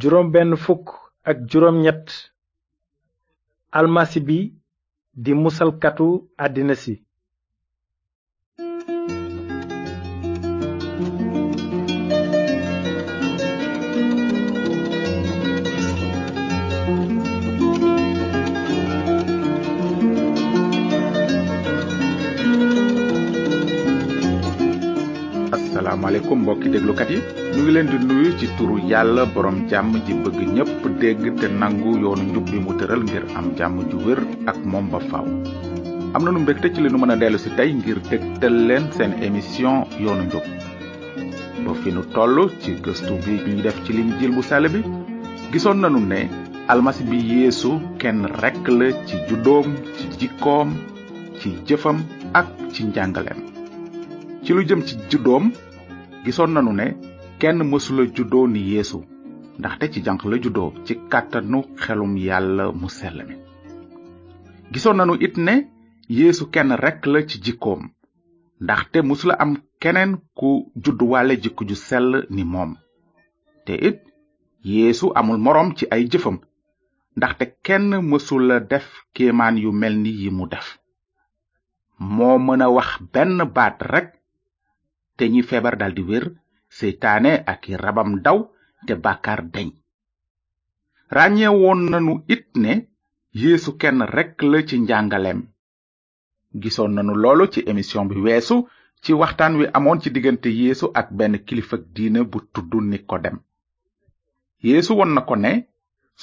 juróom benn fukk ak juróom ñett almasi bi di musalkatu àddina si ko mbokki déglukat yi ñu ngi leen di nuyu ci turu yàlla borom jàmm ji bëgg ñépp dégg te nangu yoonu njub bi mu tëral ngir am jàmm ju wér ak moom ba faaw. am na nu mbégte ci leen nu mën a dellu si tey ngir dégtal leen seen émission yoonu njub ba fi nu toll ci gëstu bi ñuy def ci lim jil bu sell bi gisoon nanu ne almasi bi yéesu kenn rekk la ci juddoom ci jikkoom ci jëfam ak ci njàngaleem ci lu jëm ci juddoom gisoon nanu ne kenn mësula juddoo ni yeesu ndaxte ci janq la juddoo ci kàttanu xelum yàlla mu sell mi gisoon nanu it ne yéesu kenn rekk la ci jikkoom ndaxte mësula am keneen ku judduwaale jikko ju sell ni moom te it yéesu amul moroom ci ay jëfam ndaxte kenn mësula def kéemaan yu mel ni yi mu def moo mën a wax benn baat rekk te ñi feebar di wér seytaane ak i rabam daw te bàkkaar deñ ràññee woon nanu it ne yeesu kenn rekk la ci njàngaleem gisoon nanu loolu ci émission bi weesu ci waxtaan wi amoon ci diggante yéesu ak benn kilifa diina bu tudd nikodem yeesu won na ko ne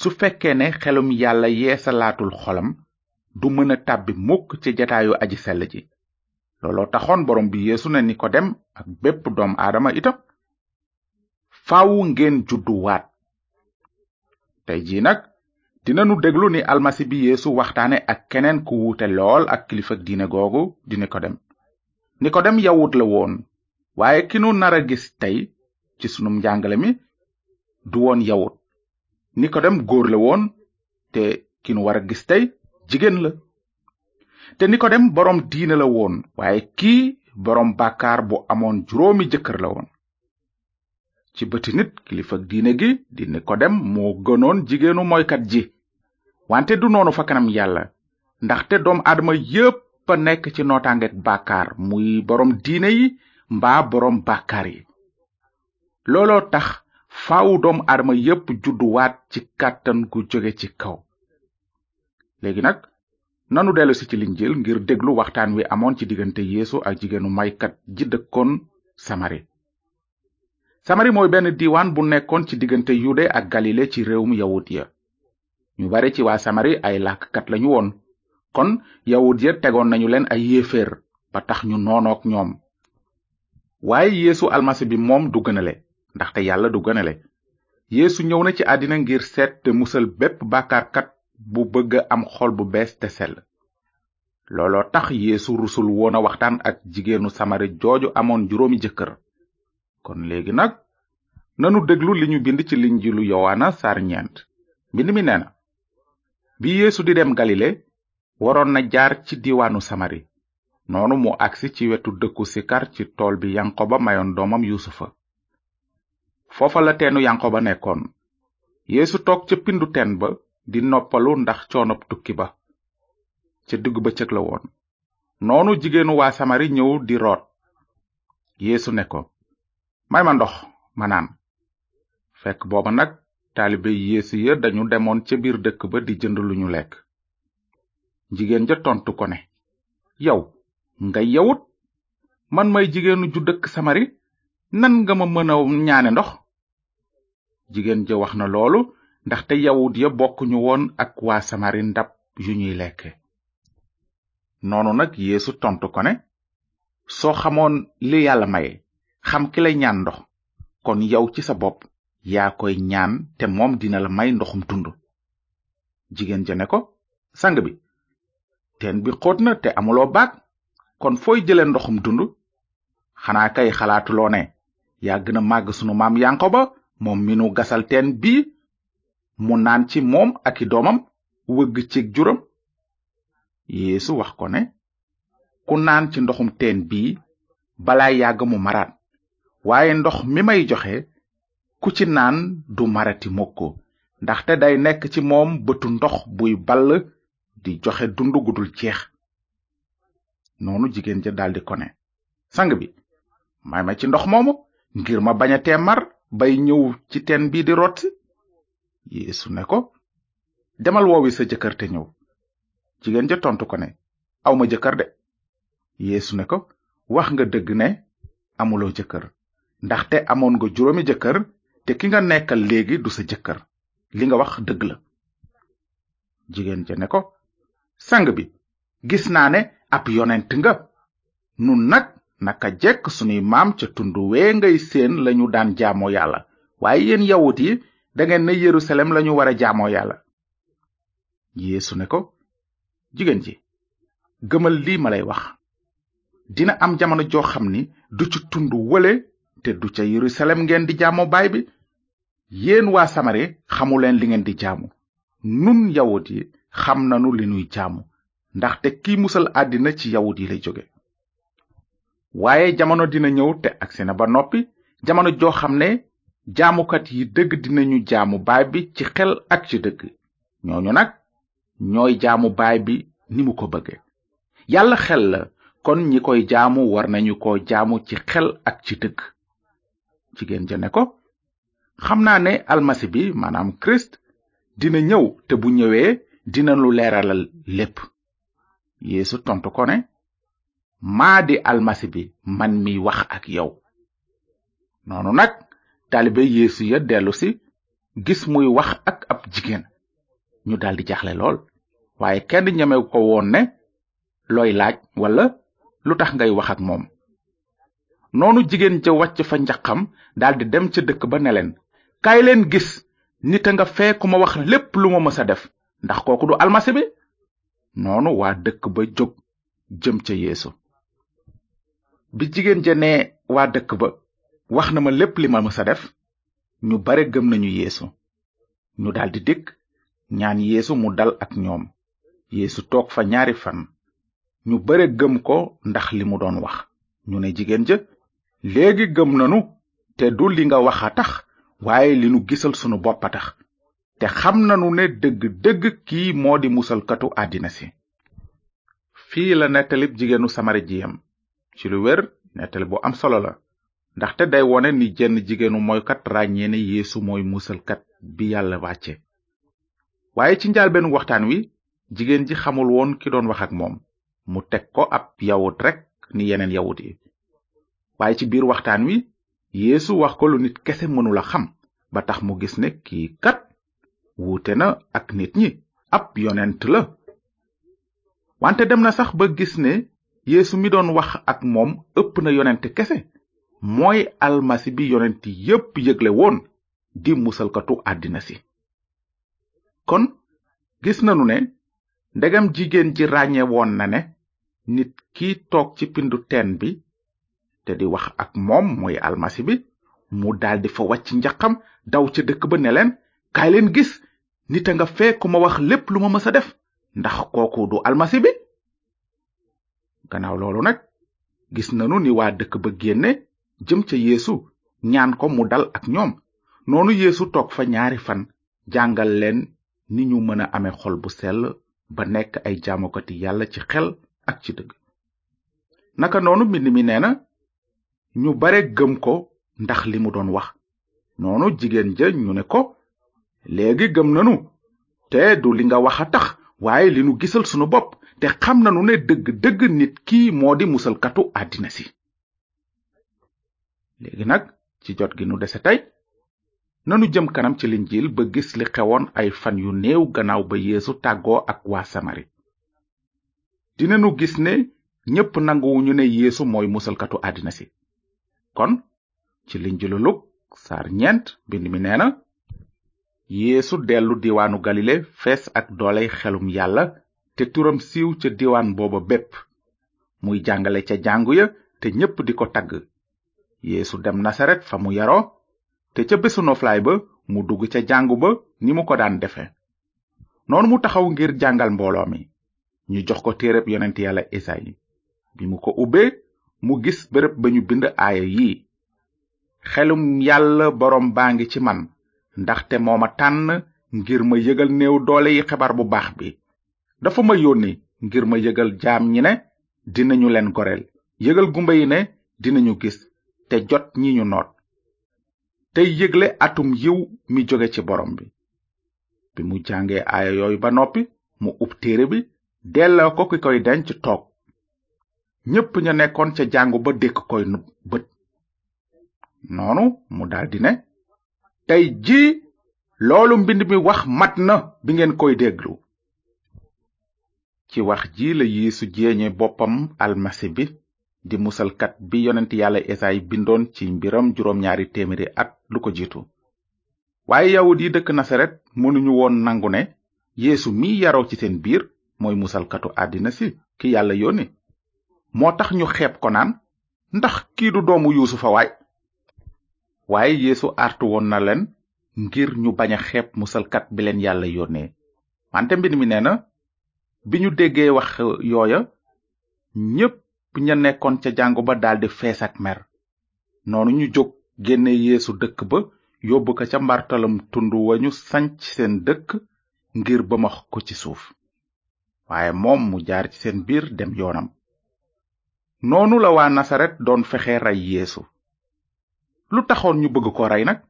su fekkee ne xelum yàlla yeesalaatul xolam du mën a tàbbi mukk ci jataayu aji sell ci looloo taxoon boroom bi yeesu ne nikodem ak bépp doom aadama itam faawu ngeen judduwaat tey jii nag dinanu déglu ni almasi bi yeesu waxtaane ak keneen ku wuute lool ak kilifa diine googu di nikodem nikodem yawut la woon waaye ki nu a gis tey ci sunum njàngale mi du woon yawut nikodem góor la woon te kinu nu war a gis tey jigéen la te nikodem boroom diine la woon waaye kii boroom bàkkaar bu amoon juróomi jëkkër la woon ci bëti nit kilifa diine gi di nikodem moo gënoon jigéenu moykat ji wante du noonu fa kanam yàlla ndaxte doom aadama yépp a nekk ci nootaangeek bàkkaar muy boroom diine yi mbaa boroom bàkkaar yi looloo tax fawu doom aadama yépp judduwaat ci kàttan gu jóge ci kaw léegi nag nanu dellusi ci linjil ngir déglu waxtaan wi amoon ci diggante yéesu ak jigéenu maykat ji dëkkoon samari samari mooy benn diwaan bu nekkoon ci diggante yude ak galile ci réewum yawut ya ñu bare ci waa samari ay làkkat lañu woon kon yawut ya tegoon nañu leen ay yéeféer ba tax ñu noonook ñoom waaye yéesu almasi bi moom du gënale ndaxte yàlla du gënale yeesu ñëw na ci àddina ngir seet te musal bépp bàkkaarkat bu bëgg am xol bu bees te sell looloo tax yéesu rusul woon a waxtaan ak jigéenu samari jooju amoon juróomi jëkkër kon léegi nag nanu déglu li ñu bind ci linjilu yowaana sar ñeent mbind mi nee bi yéesu di dem galile waroon na jaar ci diiwaanu samari noonu mu agsi ci wetu dëkku sikar ci tool bi yankoba mayoon doomam yuusufa foofa la teenu yankoba nekkoon di noppalu ndax coonob tukki ba ca diggu bëccëg la woon noonu jigéenu waa samari ñëw di root yeesu ne ko may ma ndox ma naan fekk booba nag taalibe yéesu ya dañu demoon ca biir dëkk ba di jënd lu ñu lekk jigéen ja tontu ko ne yow nga yawut man may jigéenu ju dëkk samari nan nga ma mën a ñaane ndox jigéen ja wax na loolu ndaxte yawut ya bokkuñu woon ak waa samari ndab yu ñuy lekke noonu nag yeesu tontu ko ne soo xamoon li yàlla maye xam ki lay ñaan ndox kon yow ci sa bopp yaa koy ñaan te moom dina la may ndoxum tund jigéen ja ne ko sang bi teen bi xóot na te amuloo baag kon fooy jële ndoxum dund xanaa kay xalaatuloo ne yaa gën a màgg sunu maam yankoba moom mi nu gasal teen bii mu naan ci moom aki doomam wëgg cig juram yéesu wax ko ne ku naan ci ndoxum teen bii balaa yàgg mu maraat waaye ndox mi may joxe ku ci naan du marati mukk ndaxte day nekk ci moom bëtu ndox buy ball di joxe dund gudul jeex noonu jigéen ja daldi ko ne sang bi may ma ci ndox moomu ngir ma bañ a tee mar bay ñëw ci teen bii di rot yeesu ne ko demal woowi sa jëkkër te ñëw jigéen ja tontu ko ne awma jëkkër de yeesu ne ko wax nga dëgg ne amuloo jëkkër ndaxte amoon nga juróomi jëkkër te ki nga nekkal léegi du sa jëkkër li nga wax dëgg la jigéen ja ne ko sang bi gis naa ne ab yonent nga nun nag naka jekk sunuy maam ca tund wee ngay séen lañu daan jaamoo yàlla waaye yéen yawut yi dangeen ne yerusalem lañu war a jaamoo yàlla yeesu ne ko jigéen ci gëmal lii ma lay wax dina am jamono joo xam ni du ci tund wële te du ca yerusalem ngeen di jaamoo baay bi yéen waa samari xamu leen li ngeen di jaamu nun yawut yi xam nanu li nuy jaamu ndaxte kiy musal àddina ci yawut yi lay jóge waaye jamono dina ñëw te agsi na ba noppi jamono joo xam ne jaamukat yi dëgg dinañu jaamu baay bi ci xel ak ci dëgg ñooñu nag ñooy jaamu baay bi ni mu ko bëggee yàlla xel la kon ñi koy jaamu war nañu ko jaamu ci xel ak ci dëgg jigéen ja ne ko xam naa ne almasi bi maanaam Christ dina ñëw te bu ñëwee dina lu leeralal lépp Yeesu tontu ko ne maa di almasi bi man mi wax ak yow noonu nag taalibe yeesu ya dellusi gis muy wax ak ab jigéen ñu daldi jaxle lool waaye kenn ñemew ko woon ne looy laaj walla lu tax ngay wax ak moom noonu jigéen ja wàcc fa njaqam daldi dem ca dëkk ba ne leen kaay leen gis nit a nga fee ma wax lépp lu ma mës a def ndax kooku du almasi bi noonu waa dëkk ba jog jëm ca yéesu bi jigéen ja ne waa dëkk ba wax na ma lépp li ma mësa def ñu bare gëm nañu yeesu ñu daldi dikk ñaan yéesu mu dal ak ñoom yéesu toog fa ñaari fan ñu bare gëm ko ndax li mu doon wax ñu ne jigéen ja léegi gëm nanu te du li nga wax a tax waaye li nu gisal sunu bopp tax te xam nanu ne dëgg-dëgg kii moo di musalkatu àddina si fii la nettalib jigéenu samariyam ci lu wér nettali am solo la ndaxte day wone ni jenn jigéenu moykat ràññee ne yéesu mooy musalkat bi yàlla wàcce waaye ci njaalbeenu waxtaan wi jigéen ji xamul woon ki doon wax ak moom mu teg ko ab yawut rekk ni yeneen yawut yi waaye ci biir waxtaan wi yéesu wax ko lu nit kese mënula xam ba tax mu gis ne kii kat wuute na ak nit ñi ab yonent la wante dem na sax ba gis ne yeesu mi doon wax ak moom ëpp na yonent kese mooy almasi bi yonent yépp yëgle woon di musalkatu àddina si kon gis nanu ne ndegam jigéen ji ràññe woon na ne nit ki toog ci pindu teen bi te di wax ak moom mooy almasi bi mu daldi fa wàcc njaqam daw ca dëkk ba ne leen kaay leen gis nit a nga fee ku ma wax lépp lu ma mës a def ndax kooku du almasi bi gannaaw loolu nag gis nanu ni waa dëkk ba génne jëm ca yéesu ñaan ko mu dal ak ñoom noonu yeesu toog fa ñaari fan jàngal leen ni ñu mën a ame xol bu sell ba nekk ay jaamukati yàlla ci xel ak ci dëgg naka noonu mbind mi nee na ñu bare gëm ko ndax li mu doon wax noonu jigéen ja ñu ne ko léegi gëm nanu te du li nga wax a tax waaye li nu gisal sunu bopp te xam nanu ne dëgg dëgg nit ki moo di musalkatu àddina si léegi nag ci jot gi nu dese tey nanu jëm kanam ci linjiil ba gis li xewoon ay fan yu néew gannaaw ba yéesu tàggoo ak waa samari dinanu gis ne ñépp nanguwuñu ne yéesu mooy musalkatu àddina si kon ci linjiilu luk saar ñeent mbind nee na yeesu dellu diwaanu galile fees ak dooley xelum yàlla te turam siiw ca diwaan booba bépp muy jàngale ca jàngu ya te ñépp di ko tagg yeesu dem nasaret fa mu yaro te ca bésu noflaay ba mu dugg ca jàngu ba ni mu ko daan defe noonu mu taxaw ngir jàngal mbooloo mi ñu jox ko téereb yonent yàlla esayi bi mu ko ubbee mu gis bërëb ba ñu bind aaya yi xelum yàlla boroom baa ngi ci man ndaxte moom ma tànn ngir ma yëgal néew doole yi xebar bu baax bi dafa ma yónni ngir ma yëgal jaam ñi ne dinañu leen goreel yëgal gumba yi ne dinañu gis te jot ñi ñu noot tey yëgle atum yiw mi jóge ci borom bi bi mu jàngee aaya yooyu ba noppi mu ub téere bi delloo ko ki koy denc toog ñépp ña nekkoon ca jàngu ba dékk koy bët noonu mu daldi ne tey jii loolu mbind mi wax mat na bi ngeen koy déglu ci wax ji la yeesu jéeñe boppam almasi bi di musalkat bi yonent yàlla esaay bindoon ci mbiram juróom ñaari téeméeri at lu ko jiitu waaye yawut yi dëkk nasaret mënuñu woon nangu ne yeesu mi yaroo ci seen biir mooy musalkatu àddina si ki yàlla yónni moo tax ñu xeeb ko naan ndax kii du doomu yuusufa waay waaye yeesu artu woon na leen ngir ñu bañ a xeeb musalkat bi leen yàlla yónnee wante mbind mi nee na bi ñu déggee wax yooya ñépp ña nekkoon ca jàngu ba daldi fees ak mer noonu ñu jóg génne yéesu dëkk ba yóbbu ko ca mbartalam tund wa ñu sanc seen dëkk ngir bëmax ko ci suuf waaye moom mu jaar ci seen biir dem yoonam noonu la waa nasaret doon fexee rey yéesu lu taxoon ñu bëgg ko rey nag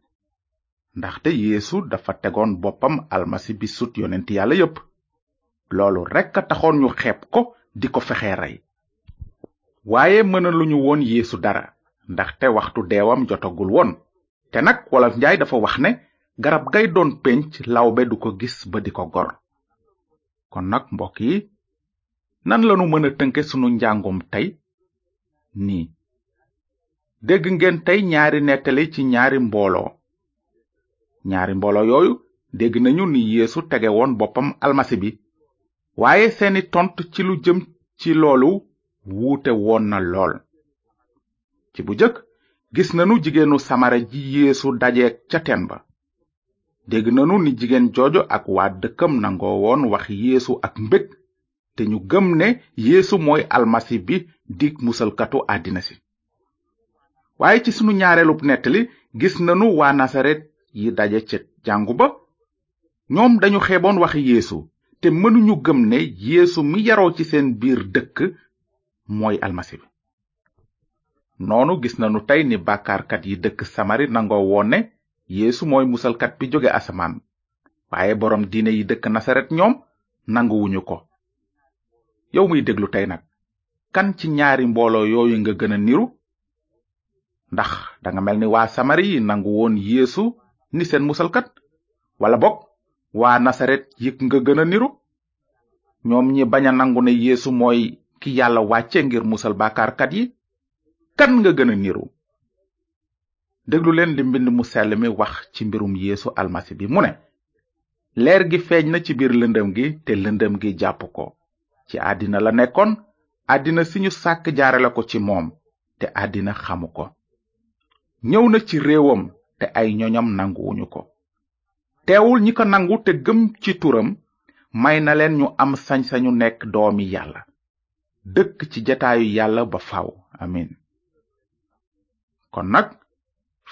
ndaxte yéesu dafa tegoon boppam almasi bi sut yonent yàlla yépp loolu rekk a taxoon ñu xeeb ko di ko fexe rey waaye mënaluñu woon yéesu dara ndaxte waxtu deewam jotagul woon te nag wolof njaay dafa wax ne garab gay doon pénc lawbe du ko gis ba di ko gor kon nag mbokk yi nan lanu mën a tënke sunu njàngum tey nii dégg ngeen tey ñaari nettali ci ñaari mbooloo ñaari mbooloo yooyu dégg nañu ni yéesu tege woon boppam almasi bi waaye seeni tont ci lu jëm ci loolu wuute woon na lool ci bu jëkk gis nanu jigéenu samara ji yéesu dajeek ca teen ba dégg nanu ni jigéen joojo ak waa dëkkam nangoo woon wax yéesu ak mbég te ñu gëm ne yéesu mooy almasi bi di musalkatu àddina si waaye ci sunu ñaareelu nettali gis nanu waa nasaret yi daje ca jàngu ba ñoom dañu xeeboon wax yéesu te mënuñu gëm ne yéesu mi yaroo ci seen biir dëkk mooy almasi bi noonu gis na nu tey ni bàkkaarkat yi dëkk samari nangoo woon ne yeesu mooy musalkat bi jóge asamaan waaye boroom diine yi dëkk nasaret ñoom nanguwuñu ko yow muy déglu tey nag kan ci ñaari mbooloo yooyu nga gën a niru ndax danga mel ni waa samari yi nangu woon yeesu ni seen musalkat walla bokk waa nasaret yi nga gën a niru ñoom ñi bañ a nangu ne yéesu mooy ki yàlla wàcce ngir musal bàkkaarkat yi kan nga gën a niru déglu leen li mbind mu sell mi wax ci mbirum yéesu almasi bi mu ne leer gi feeñ na ci biir lëndëm gi te lëndëm gi jàpp ko ci àddina la nekkoon àddina si ñu sàkk jaarale ko ci moom te àddina xamu ko ñëw na ci réewam te ay ñoñam nanguwuñu ko teewul ñi ko nangu te gëm ci turam may na leen ñu am sañ-sañu nekk doomi yàlla dëkk ci jataayu yàlla ba faw amin kon nag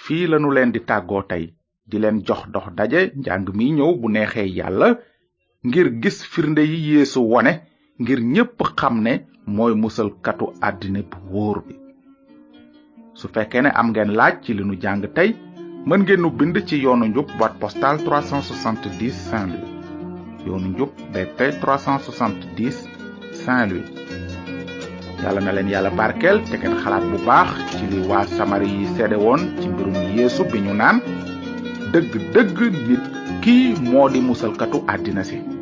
fii lanu leen di tàggoo tey di leen jox dox daje njàng mi ñëw bu neexee yàlla ngir gis firnde yi yeesu wone ngir ñépp xam ne mooy musalkatu àddina bu wóor bi su fekkee ne am ngeen laaj ci li nu jàng tey mën ngeen nu bind ci yoonu njub boîte postale 370 saint yoonu njub BP Saint-Louis yàlla na leen yàlla barkeel te xalaat bu baax ci li waa samari yi seede woon ci mbirum yeesu bi ñu naan dëgg dëgg nit kii moo di musalkatu àddina si